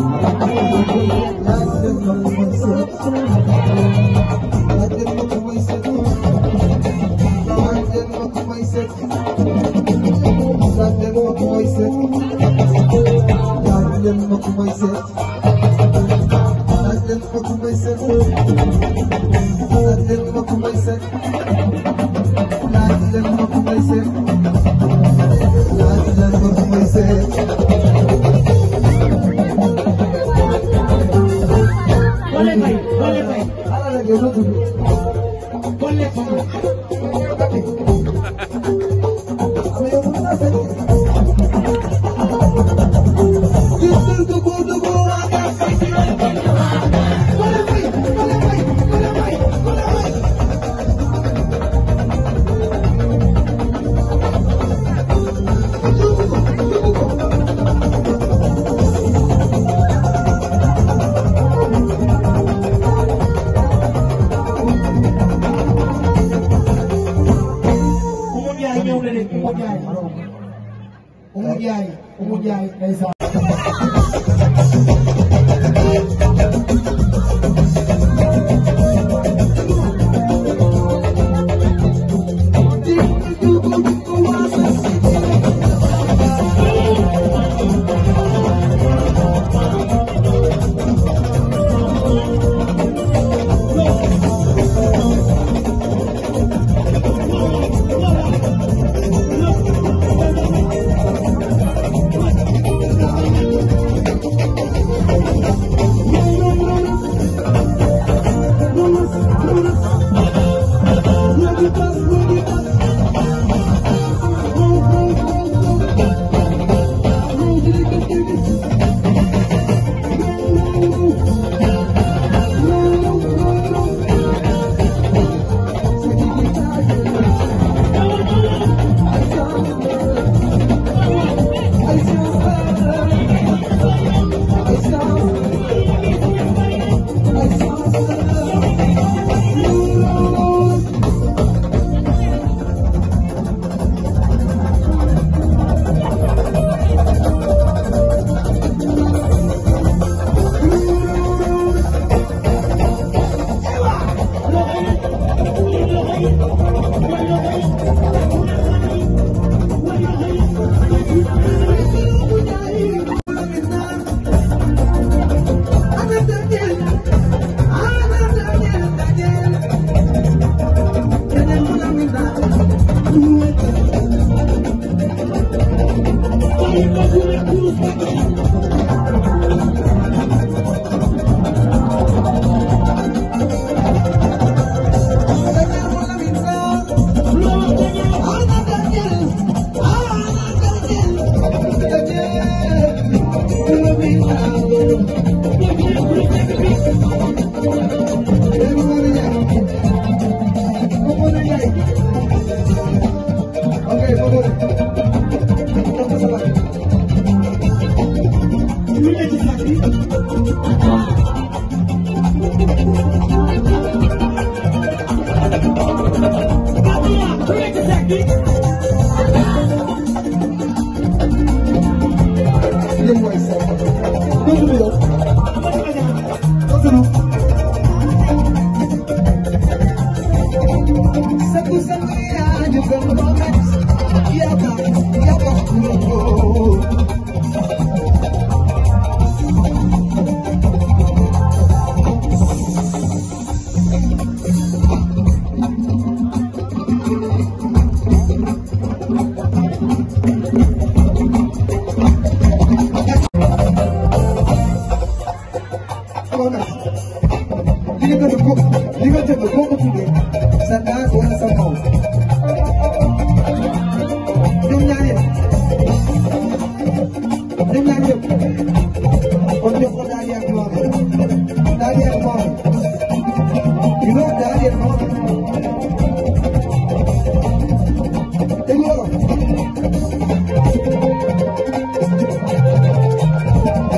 Sen de bu koy sen. Yardım bu koy sen. Ponle como. umu jaay umu jaay umu jaay ndeysaan Dariya Imam. Dariya Imam. You know Dariya Imam? In Europe. And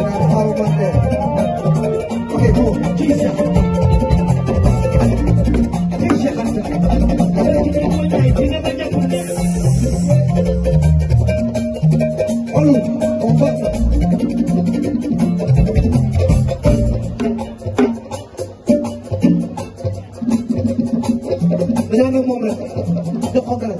I'm out of my head. Okay, go on. Jesus. dañoo ne moom la jox ko garab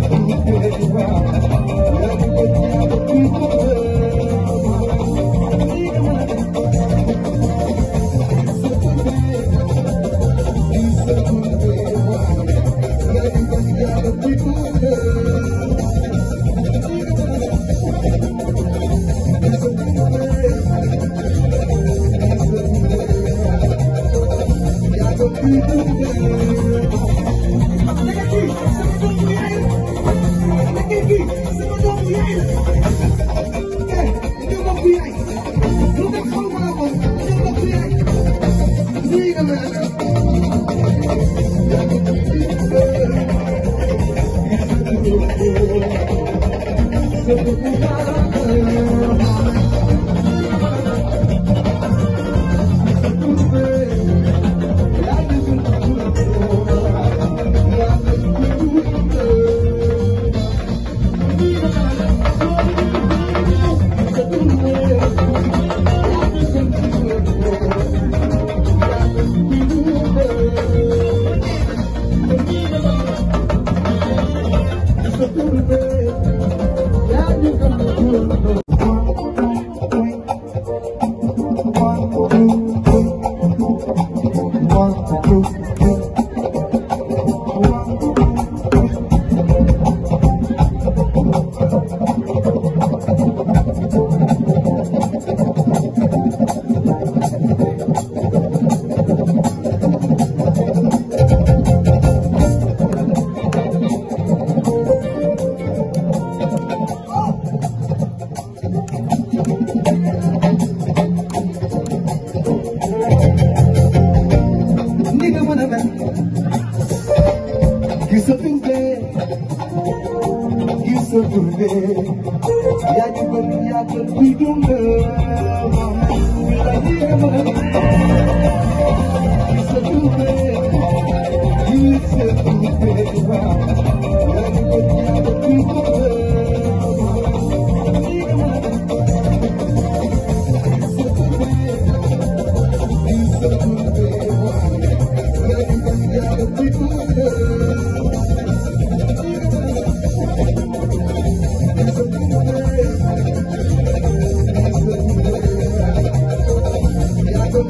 Thank you. one, two, three. sa dundee gis sa dundee yaa ngi bëri yaa ngi bëri dundee maa ngi la yéem a gis sa dundee gis sa dundee waaw yaa ngi bëri